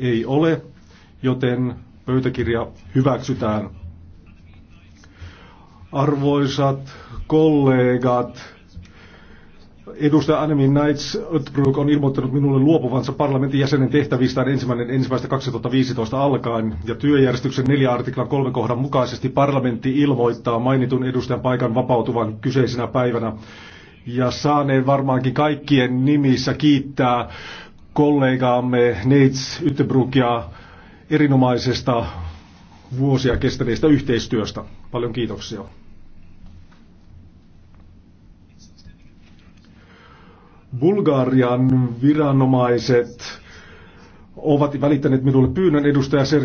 ei ole, joten pöytäkirja hyväksytään. Arvoisat kollegat, Edustaja Anemi Knights Ötbrug on ilmoittanut minulle luopuvansa parlamentin jäsenen tehtävistään ensimmäinen ensimmäistä 2015 alkaen, ja työjärjestyksen 4 artiklan 3 kohdan mukaisesti parlamentti ilmoittaa mainitun edustajan paikan vapautuvan kyseisenä päivänä. Ja saaneen varmaankin kaikkien nimissä kiittää kollegaamme Neits Yttebrukia erinomaisesta vuosia kestäneestä yhteistyöstä. Paljon kiitoksia. Bulgarian viranomaiset ovat välittäneet minulle pyynnön edustaja Sergei